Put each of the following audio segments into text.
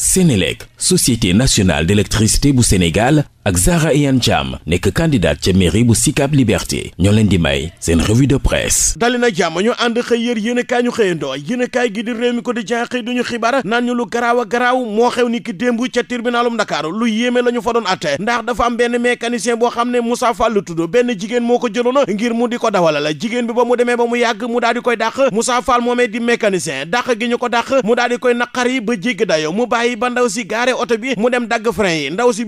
Sénélec société nationale d'électricité bu Sénégal ak Zahra Iyane Thiam nekk candidate ca mairie bu Sicap Liberté ñoo leen di may seen revue de presse dali na jàmm ñu ànd xëy yér yéen a ñu xëyandoo yéen a kaay gi di réew ko di jen xëy duñu xibaar naan ñu lu garaaw a garaaw moo xew ni ki démb ca tribunalum Dakar lu yéeme la ñu fa doon atte ndax dafa am benn mécanicien boo xam ne Moussa Fall la tudd benn jigéen moo ko jëloon ngir mu di ko dawala la jigéen bi ba mu demee ba mu yàgg mu daal di koy dàq Moussa Fall moomee di mécanicien dàq gi ñu ko dàq mu daal di koy naqar yi ba jégg dayo mu bàyyi ba ndaw si gaare oto bi mu dem dagg frein yi ndaw si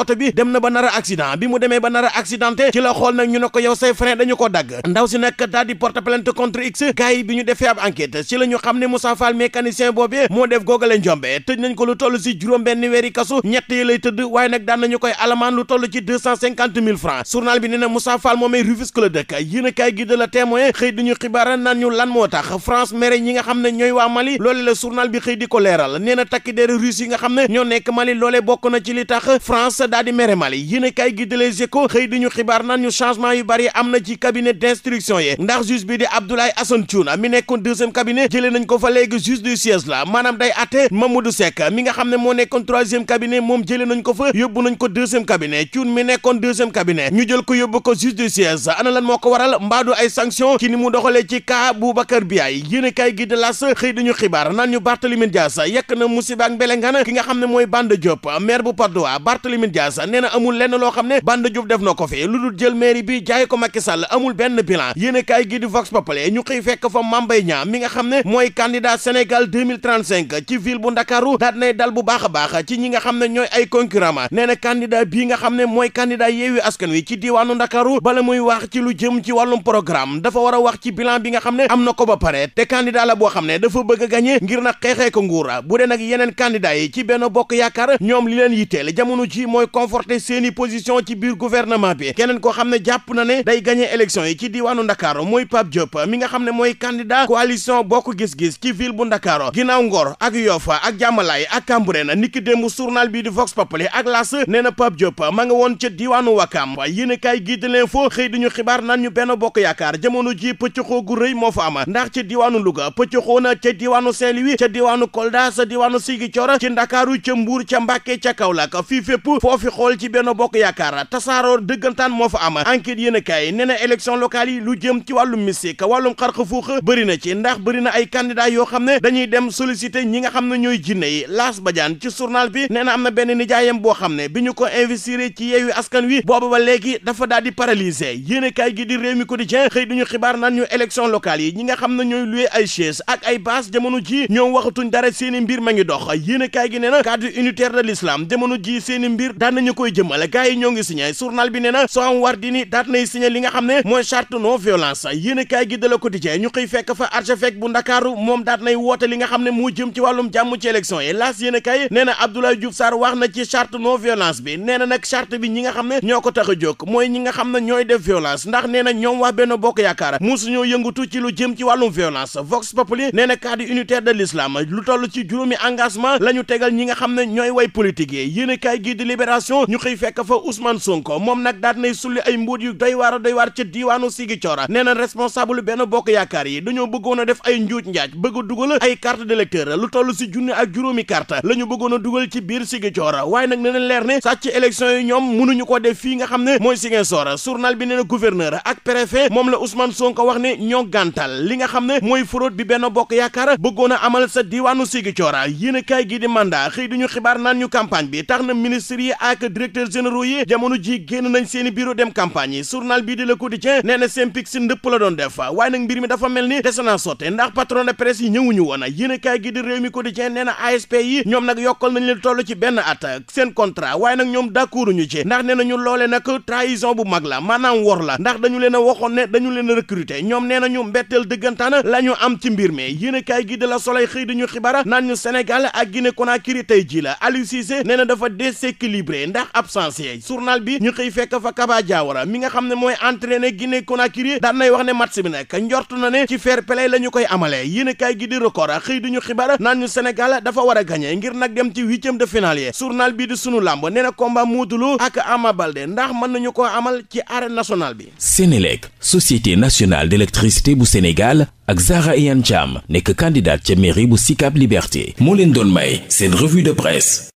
oto bi dem na ba nar a accident bi mu demee ba nar a accidenté ci la xool nag ñu ne ko yow say frein dañu ko dagg ndaw si nag daal porte plainte contre x gars bi ñu defee ab enquête ci la xam ne Moussa Fall mécanicien boobee moo def googale njombe tëj nañ ko lu toll si juróom benn weeri kasu ñett yi lay tëdd waaye nag daan koy alamaan lu toll ci deux cent cinquante mille francs journal bi nee na Moussa Fall moomay Rufisque la dëkk yéen gi sa daal di mere Mali yéenekaay gi di Les xëy di ñu xibaar naan ñu changement yu bari am na ci cabinet d'instruction yi ndax juge bi di Abdoulaye Assane Thioune mi nekkoon deuxième cabinet jëlee nañ ko fa léegi juge du siège la maanaam day atte Mamadou Seck mi nga xam ne moo nekkoon troisième cabinet moom jëlee nañ ko fa yóbbu nañ ko deuxième cabinet Thioune mi nekkoon deuxième cabinet ñu jël ko yóbbu ko juge du siège ana lan moo ko waral mbaadu ay sanction ci ni Barthélémy Dias nee na amul lenn loo xam ne Banda Diouf def na ko fi lu dul jël mairie bi jaay ko Macky Sall amul benn bilan yéene kaay gi di Vox Populi ñu xëy fekk fa Mame Mbaye mi nga xam ne mooy candidat Sénégal 2035 ci ville bu Ndakaaru daat nay dal bu baax baax ci ñi nga xam ne ñooy ay concurrent ma nee na candidat bii nga xam ne mooy candidat Yewwi Askan Wi ci diiwaanu Ndakaaru bala muy wax ci lu jëm ci wàllum programme dafa war a wax ci bilan bi nga xam ne am na ko ba pare te candidat la boo xam ne dafa bëgg a gagné ngir na xeexee ko nguura bu dee nag yeneen candidat yi ci benn bokk yaakaar ñoom li leen yitteel jamono mooy conforter seeni position ci biir gouvernement bi keneen koo xam ne jàpp na ne day gagné élection yi ci diiwaanu Ndakaaru mooy Pape Diop mi nga xam ne mooy candidat coalition bokk gis-gis ci ville bu Ndakaaru ginnaaw Ngor ak Yofa ak Jàmmalaay ak Cambérène niki démb journal bii di Vox Populi ak L'As nee na Pape Diop a nga woon ca diiwaanu Wakam yéen a kaay gii di l'info xëy di ñu xibaar naan ñu benn bokk yaakaar jamono ji pëccëxoo gu rëy moo fa am ndax ca diiwaanu Louga pëccëxoo na ca diiwaanu Saint-Louis ca diiwaanu Kolda sa diiwaanu Ziguinchor ci Ndakaaru ca Mbuur ca Mbàkke ca Kaolack foo fi xool ci benn bokk yaakaar tasaaroo dëggantaan moo fa am enquête yéen a kaay nee na élection yi lu jëm ci wàllum mystique wàllum xarxa fuuxa bëri na ci ndax bëri na ay candidat yoo xam ne dañuy dem solliciter ñi nga xam ne ñooy jinne yi Laas Badiane ci journal bi nee na am na benn nijaayam boo xam ne bi ñu ko investir ci yeewi askan wi booba ba léegi dafa daal di paralysé yéen gi di réew mi quotidien xëy duñu xibaar naan ñu élection locale yi ñi nga xam ne ñooy loué ay chaise ak ay bâche jamono ji ñoom waxatuñ dara seeni mbir ma ngi dox yéen gi nee na cadre unitaire de l'islam jamono ji seeni mbir daan nañu koy jëmale gars yi ñoo ngi signé journal bi nee na Soham Wardini daat nay signé li nga xam ne mooy charte non violence yéenekaay gi la Le Quotidien ñu xëy fekk fa archevêque bu Ndakaaru moom daat nay woote li nga xam ne moo jëm ci wàllum jàmm ci élection yi laas yéenekaay nee na Abdoulaye Diouf Sarr wax na ci charte non violence bi nee na nag charte bi ñi nga xam ne ñoo ko tax a jóg mooy ñi nga xam ne ñooy def violence ndax nee na ñoom waa Benno Bokk Yaakaar musuñoo yëngutu ci lu jëm ci wàllum violence Vox Populi nee na cadre unitaire de l'islam lu toll ci juróomi engagement la ñu tegal ñi nga xam ne ñooy way politique yi libération ñu xëy fekk fa Ousmane Sonko moom nag daal nay sulli ay mbóot yu doy waar a doy waar a def ay njuuj njaaj bëgg leer ne sàcc élection yi ñoom mënuñu ko def fii nga xam ne mooy Ziguinchor journal bi nee na ak préfet moom la Ousmane Sonko wax ne ñoo gàntal li nga xam ne mooy fraude bi benn bokk yaakaar bëggoon a amal sa diiwaanu Ziguinchor yéen a kaay gi di mandat xëy duñu xibaar naan ñu campagne bi tax na ministre yi ak directeur généraux yi jamono ji génn nañ seeni bureau dem campagne yi journal bii di Le Quotidien nee na Synpics si ndëpp la doon def waaye nag mbir mi dafa mel ni dese naa sotte ndax patron de presse yi ñëwuñu woon yéen kaay gi di réew mi Quotidien nee na ASP yi ñoom nag yokkal nañ leen toll ci benn at seen contrat waaye nag ñoom d'accorduñu ci ndax nee nañu loole nag trahison bu mag la maanaam wor la ndax dañu leen a waxoon ne dañu leen a recruter ñoom nee nañu mbetteel dëggantaan la ñu am ci mbir mi yéen a kaay gi de la Soleil xëy dañu xibara naan ñu Sénégal ak Guinée Conakry tey ji la Aliou Cissé nee na dafa déséquilibre Libre ndax absence journal bi ñu xëy fekk fa Kaba Diawara mi nga xam ne mooy entraîneur Guinée Conakry daan nay wax ne match bi nag njort na ne ci fair play la ñu koy amalee yéen kaay gi di record xëy duñu xibaar naan ñu Sénégal dafa war a ngir nag dem ci huitième de finale yi journal bi di sunu làmb nee na combat Modou Lô ak Ama Baldé ndax mën nañu ko amal ci arène nationale bi. Sénélec société nationale d'électricité bu Sénégal ak Zahra Iyane Thiam nekk candidate ca mairie bu Sicap Liberté moo leen doon may seen revue de